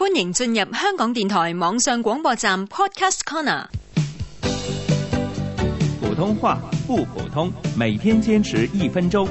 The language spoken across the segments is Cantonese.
歡迎進入香港電台網上廣播站 Podcast Corner。普通話不普通，每天堅持一分鐘。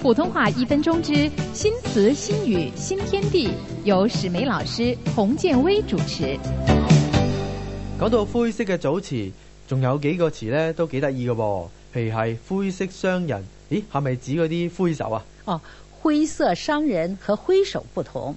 普通話一分鐘之新詞新語新天地，由史美老師洪建威主持。講到灰色嘅組詞，仲有幾個詞咧都幾得意嘅，譬如係灰色商人。咦，係咪指嗰啲灰手啊？哦，灰色商人和灰手不同。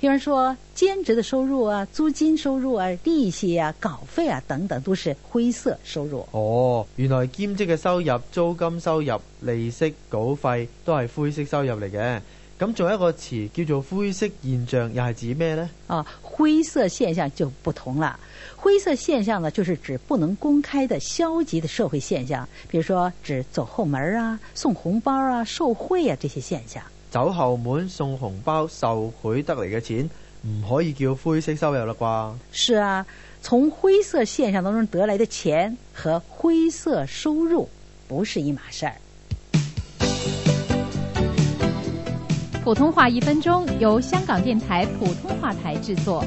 比方說，兼職的收入啊，租金收入啊，利息啊，稿費啊，等等，都是灰色收入。哦，原來兼職嘅收入、租金收入、利息、稿費都是灰色收入嚟嘅。咁仲有一個詞叫做“灰色現象”，又係指咩呢？啊，灰色現象就不同啦。灰色現象呢，就是指不能公開的消極的社會現象，比如說指走後門啊、送紅包啊、受賄啊這些現象。走後門、送紅包、受賄得嚟嘅錢唔可以叫灰色收入啦啩？是啊，從灰色現象當中得來嘅錢和灰色收入不是一碼事兒。普通話一分鐘由香港電台普通話台製作。